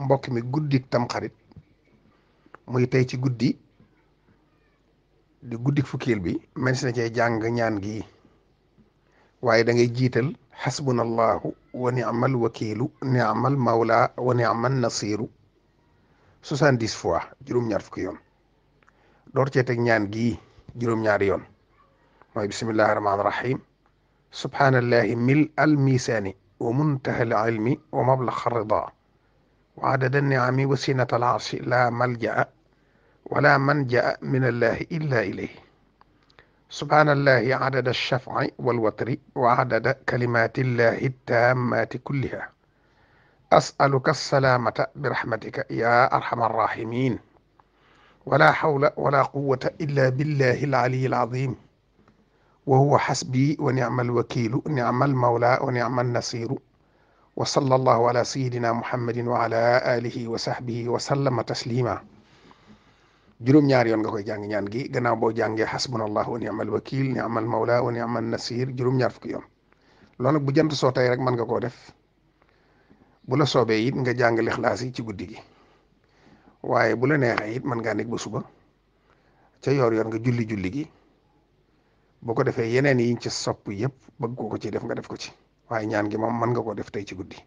mbokk mi guddik tamxarit muy tey ci guddi di guddik fukkiil bi mel cee jàng ñaan gi waaye da ngay jiital xasbunallahu wa ni'mal wakiilu ni'mal mawla wa ni'man nasiru soixante-dix fois juróom-ñaar fukki yoon door cee teg ñaan gii juróom-ñaari yoon mooy bismillahi rahmaani rahim subhaanallahi mil al misaani wa muntaha al ilmi wa mablax rida وعدد النعم وسنة العرش لا ملجأ ولا منجأ من الله إلا إليه سبحان الله عدد الشفع والوتر وعدد كلمات الله التامات كلها أسألك السلامة برحمتك يا أرحم الراحمين ولا حول ولا قوة إلا بالله العلي العظيم وهو حسبي ونعم الوكيل نعم المولى ونعم النصير wa sallallahu ala sayidina muhammadin wa ala alihi wa sahbihi wa sallama taslima juróom-ñaar yoon nga koy jàng ñaan gi gannaaw boo jàngee xasbunallahu wa ni'mal wakil ni'mal mawla wa ni'mal nasir juróom-ñaar fukki yoon loolu nag bu jant soota tey rek mën nga koo def bu la soobee it nga jàng lixlaas ci guddi gi waaye bu la neexee it mën ngaa nekk ba suba ca yoor yoor nga julli julli gi boo ko defee yeneen yi ci sopp yëpp bëgg ko ko ci def nga def ko ci waaye ñaan gi moom mën nga ko def tey ci guddi